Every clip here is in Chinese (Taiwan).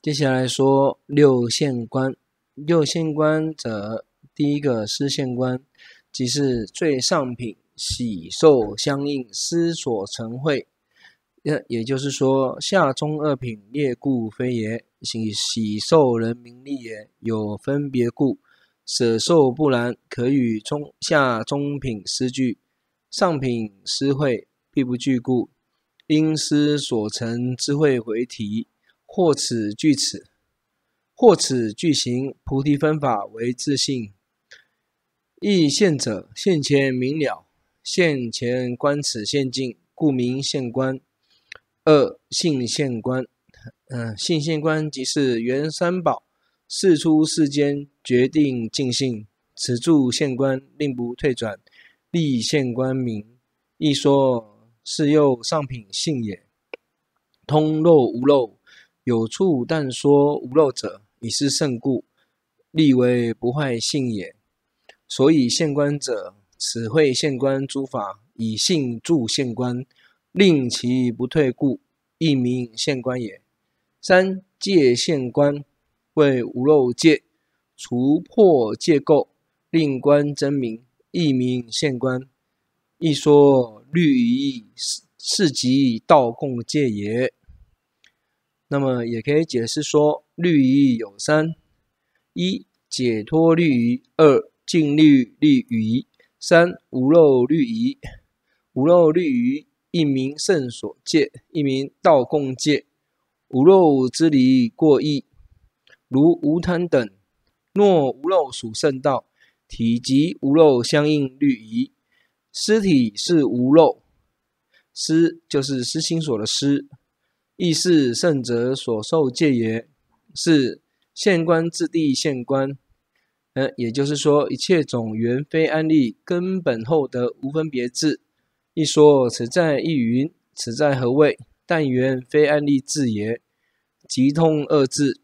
接下來說六現觀，六現觀者，第一個思現觀，即是最上品喜受相應思所成慧，也也就是說下中二品劣故非也，喜喜受人名利也，有分別故舍受不然，可與中下中品思俱，上品思慧，必不俱故，因思所成之慧為體。或此具此，或此具形。菩提分法為自性，一現者現前明了，現前觀此現境，故名現觀。二信現觀，嗯、呃，信現觀即是緣三寶，世出世間決定淨信，此住現觀，令不退轉，立現觀名。亦說是又上品信也，通漏無漏。有處但說無漏者，以是聖故，立為不壞信也。所以現觀者，此會現觀諸法，以信助現觀，令其不退故，亦名現觀也。三戒現觀為無漏戒，除破戒垢，令觀增明，亦名現觀。亦說律儀事及道共戒也。那麼也可以解釋說，律儀有三：一、解脫律儀，二、靜慮律儀，三、無漏律儀。無漏律儀，一名聖所戒，一名道共戒。無漏之離過義，如無貪等。若無漏屬聖道，體即無漏相應律儀。思體是無漏，思就是思心所的思。亦是聖者所受戒也。是現觀智諦現觀，呃，也就是說，一切種緣非安立根本後得無分別智一說，此在亦云，此在何位，但緣非安立智也。即通二字，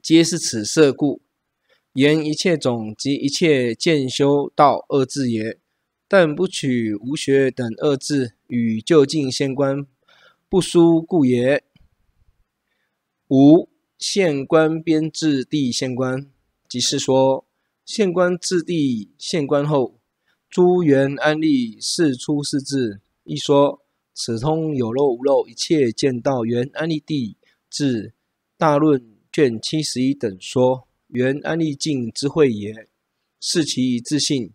皆是此色故。言一切種及一切見修道二字也，但不取無學等二字與究竟現觀。不書故也。五、現觀邊智諦現觀，即是說現觀智諦現觀後，諸緣安立諦出世智。一說，此通有漏無漏一切見道緣安立諦至大論卷七十一等說，緣安立境之慧也，是其自性。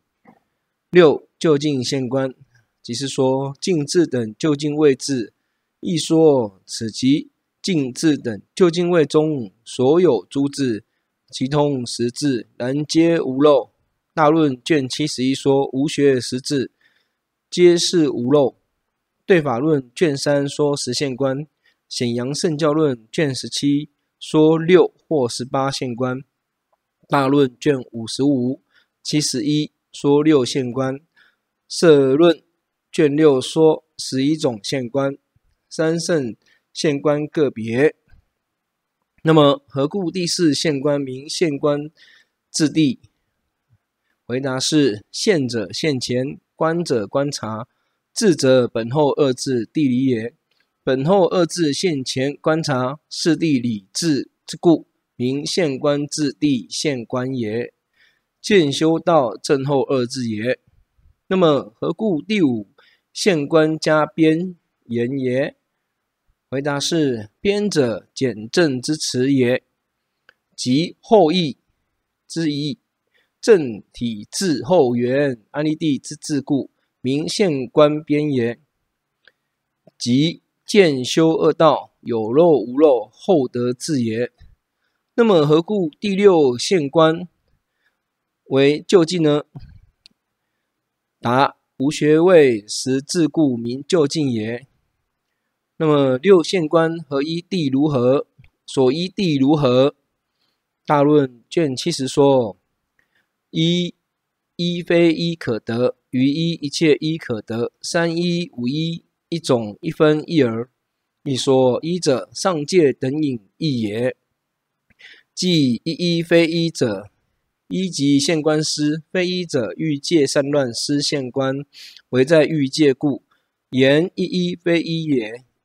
六、究竟現觀，即是說盡智等究竟位智。一說，此即淨智等究竟位中所有諸智，其通識智，然皆無漏。大論卷七十一說無學識智，皆是無漏。對法論卷三說十現觀，顯揚聖教論卷十七說六或十八現觀，大論卷五十五七十一說六現觀，攝論卷六說十一種現觀。三聖現觀各別，那麼何故第四現觀名現觀智諦？回答是：現者現前，觀者觀察，智者本後二智諦理也。本後二智現前觀察四諦理智之故，名現觀智諦現觀也。見修道正後二智也。那麼何故第五現觀加邊言也？回答是：“邊者簡正之辭也，即後意之義，正體智後緣安立諦之智故，名現觀邊也，即見修惡道有漏無漏後得智也。那麼，何故第六現觀為究竟呢？答：無學位時智故名究竟也。”那麼六現觀合一地如何？所依地如何？大論卷七十說：一一非一可得，於一一切一可得。三一、五一一種一分一而一說一者，上界等影一也。即一一非一者，一級現觀師非一者，欲界散亂師現觀，唯在欲界故，言一一非一也。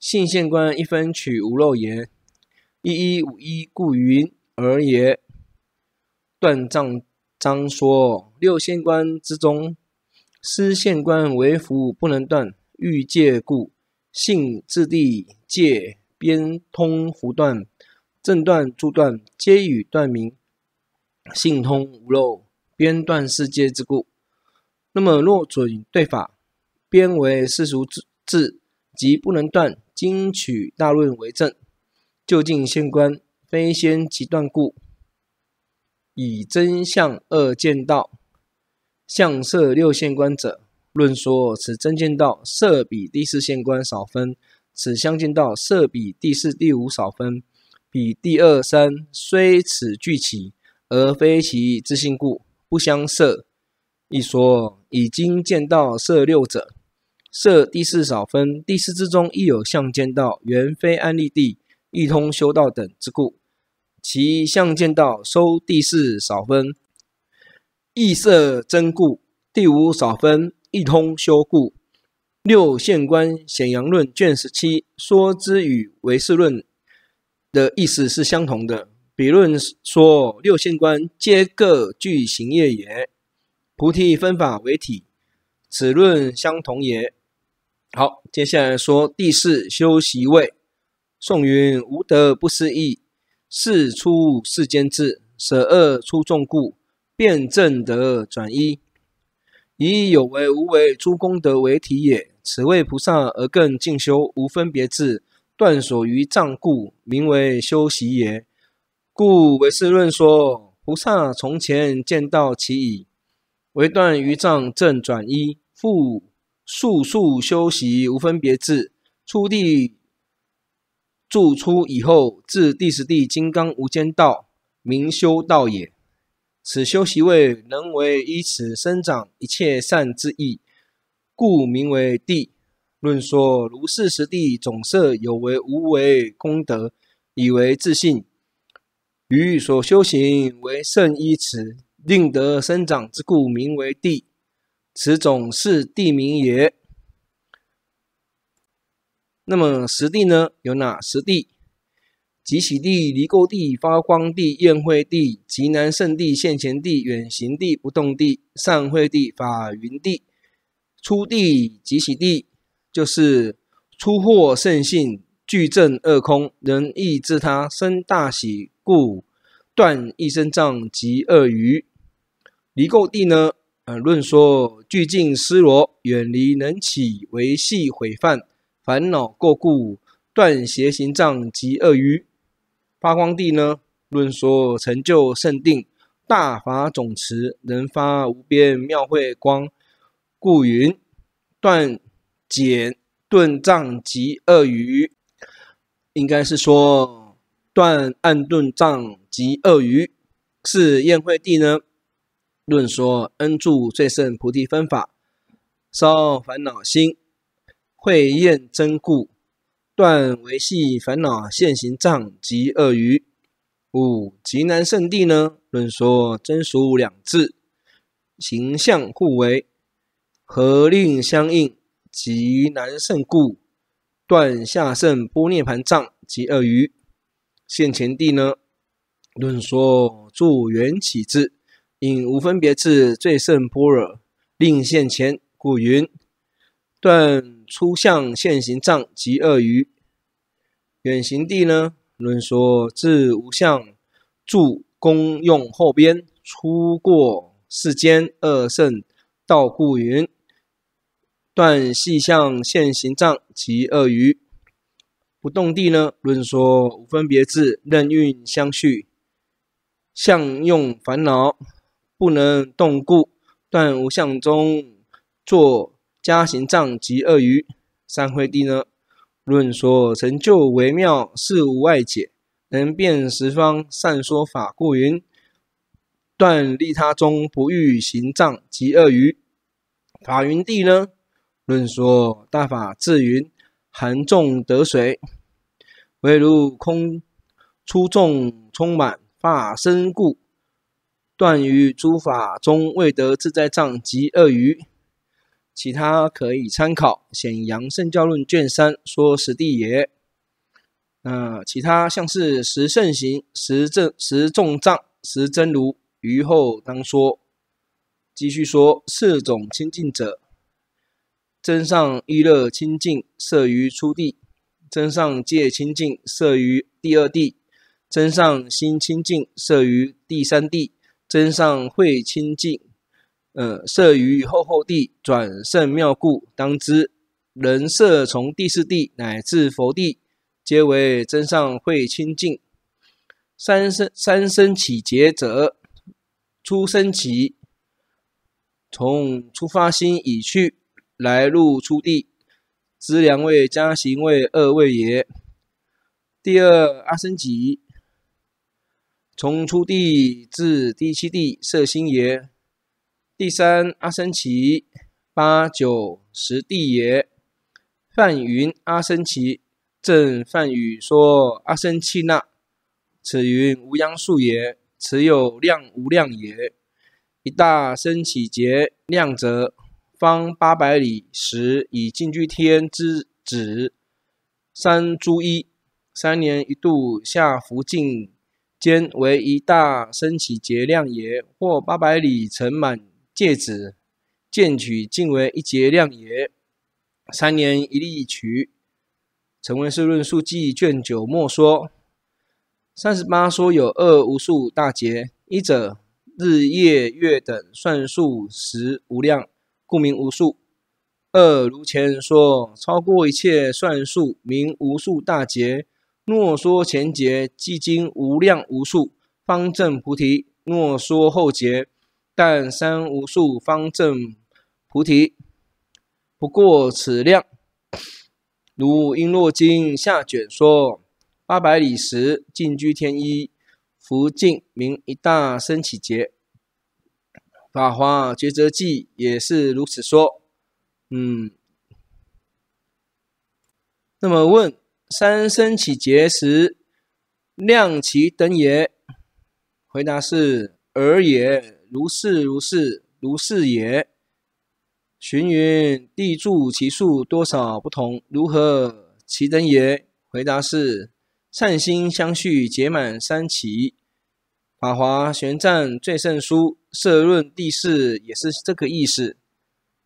信現觀一分取無漏也，一一五一故云爾也。斷障章說六現觀之中，思現觀為伏不能斷，欲界故信、戒、諦、邊，通伏斷正斷、助斷皆與斷名，信通無漏，邊斷世界之故。那麼若准對法，邊為世俗智，即不能斷。經取大論為證，究竟現觀，非先即斷故。以真相二見道，相攝六現觀者，論說此真見道攝彼第四現觀少分，此相見道攝彼第四、第五少分，彼第二、三雖此俱起，而非其自性故，不相攝。一說已經見道攝六者，設第四少分，第四之中亦有相見道，緣非安立諦，亦通修道等之故。其相見道收第四少分，亦設真故。第五少分亦通修故。六現觀顯揚論卷十七說之與唯識論的意思是相同的。比論說六現觀皆各具行業也，菩提分法為體，此論相同也。好，接下來說第四修習位。頌云無德不思議，事出世間智，捨惡出眾故，辯證得轉依。以有為無為諸功德為體也。此謂菩薩而更進修，無分別智，斷所餘障故，名為修習也。故唯識論說，菩薩從前見到其已，唯斷餘障正轉依，復。數數修習無分別智，初地住出以後，至第十地金剛無間道，名修道也。此修習位能為依此生長一切善之意，故名為地。論說如是十地總攝有為無為功德，以為自性，於所修行為勝依此，令得生長之故，名為地。此種是地名也。那麼十地呢？有哪十地？極喜地、離垢地、發光地、焰慧地、極難勝地、現前地、遠行地、不動地、善慧地、法雲地、初地、極喜地，就是初獲聖性，具證二空，人義自他生大喜故，斷異生障及惡愚。離垢地呢？論說具淨屍羅，遠離能起微細毀犯煩惱過故，斷邪行障及惡愚。發光地呢？論說成就勝定，大法總持，能發無邊妙慧光，故云斷簡頓障及惡愚，應該是說斷暗頓障及惡愚，是焰慧地呢？論說安住最勝菩提分法，燒煩惱薪，慧焰增故，斷微細煩惱現行障及二愚。五極難勝地呢？論說真俗兩智，行相互違，合令相應，極難勝故，斷下乘般涅槃障及二愚。現前地呢？論說住緣起智。引無分別智最勝般若令現前故，云，斷麤相現行障及惡余。遠行地呢，論說至無相住功用後邊出過世間二乘道故，云，斷細相現行障及惡余。不動地呢，論說無分別智任運相續，相用煩惱，不能動故，斷無相中，作加行障及惡余。三慧地呢，論說成就微妙，事無外解，能辨十方，善說法故雲，斷利他中不欲行障及惡余。法雲地呢，論說大法智雲含眾得水，唯如空出眾充滿法身故。斷於諸法中未得自在障及二愚，其他可以參考《顯揚聖教論》卷三說十地也。那其他像是十聖行、十正、十重障、十真如，於後當說。繼續說四種清淨者：增上意樂清淨攝於初地，增上戒清淨攝於第二地，增上心清淨攝於第三地。增上慧清淨，呃，設於後後地轉勝妙故當之，當知人設從第四地乃至佛地，皆為增上慧清淨。三僧祇，三僧祇劫者，初僧祇，從初發心已去，來入初地，資糧位加行位二位也。第二阿僧祇。從初地至第七地色心也，第三阿僧祇八九十地也。梵云阿僧祇，正梵語說阿僧企那，此云無央數也，此有量無量也。一大僧祇劫量則方八百里石，時以淨居天之子。三銖衣，三年一度下拂盡。間為一大生起劫量也。或八百里城滿芥子，見取盡為一劫量也。三年一利取。成唯識論述記卷九末說：三十八說有二無數大劫，一者日夜月等算數時無量，故名無數；二如前說，超過一切算數，名無數大劫。若說前劫，即今無量無數方證菩提；若說後劫，但三無數方證菩提，不過此量。如《瓔珞經》下卷說：“八百里石，近居天一福盡名一大僧祇劫。”《法華抉擇記》也是如此說。嗯，那麼問？三生起劫時，亮其燈也。回答是爾也，如是如是如是也。尋云地柱其數多少不同，如何其燈也？回答是善心相續，結滿三奇。法華玄贊最勝書攝論第四也是這個意思。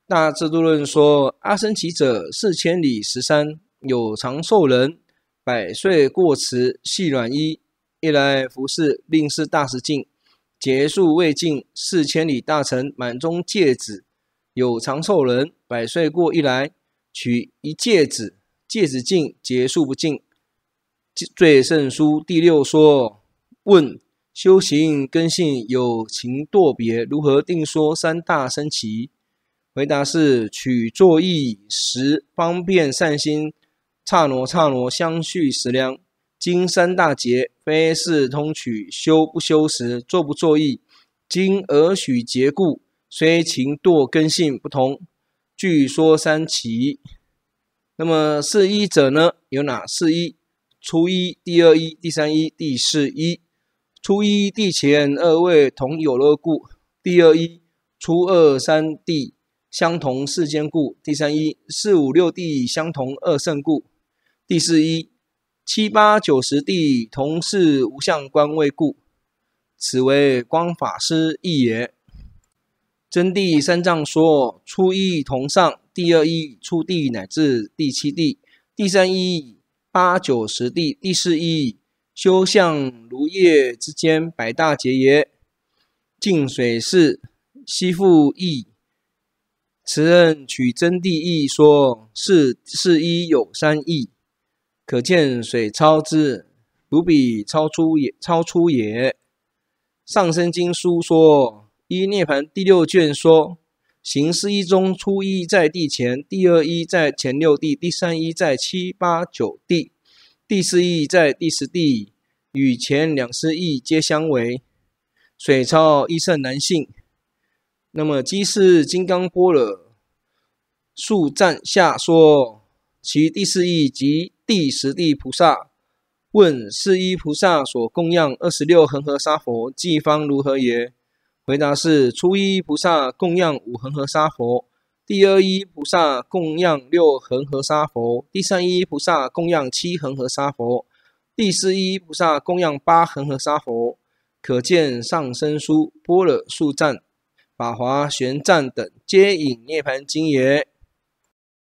大智度論說阿僧祇者四千里十三。有長壽人，百歲過時，以細軟衣，一來拂石，令是大石盡，劫數未盡，四千里大城滿中芥子。有長壽人，百歲過一來，取一芥子，芥子盡劫數不盡。最勝書第六說：問修行根性有情多別，如何定說三大僧祇？回答是：取作意時方便善心。剎那剎那相續時量，經三大劫，非是通取修不修時作不作意，經而許劫故，雖情墮根性不同，據說三奇。那麼四一者呢？有哪四一？初一、第二一、第三一、第四一。初一地前二位同有漏故，第二一初二三地相同世間故，第三一四五六地相同二乘故。第四義七八九十地同是無相觀位故，此為光法師意也。真諦三藏說：初義同上，第二義初地乃至第七地，第三義八九十地，第四義修相如業之間百大劫也。淨水寺西復義，此人取真諦意說：是是一有三義。可見水超之，如比超出也；超出也。《上升經書》說，《一涅盤》第六卷說：行十一中，初一在地前，第二一在前六地，第三一在七八九地，第四一在第十地，與前兩十一皆相違。水超一甚難信。那麼，雞是金剛波爾樹贊下說：其第四意即。第十地菩薩問四依菩薩所供養二十六恆河沙佛，計方如何也？回答是：初依菩薩供養五恆河沙佛，第二依菩薩供養六恆河沙佛，第三依菩薩供養七恆河沙佛，第四依菩薩供養八恆河沙佛。可見上生書、般若述讚、法華玄讚等，皆引涅槃經也。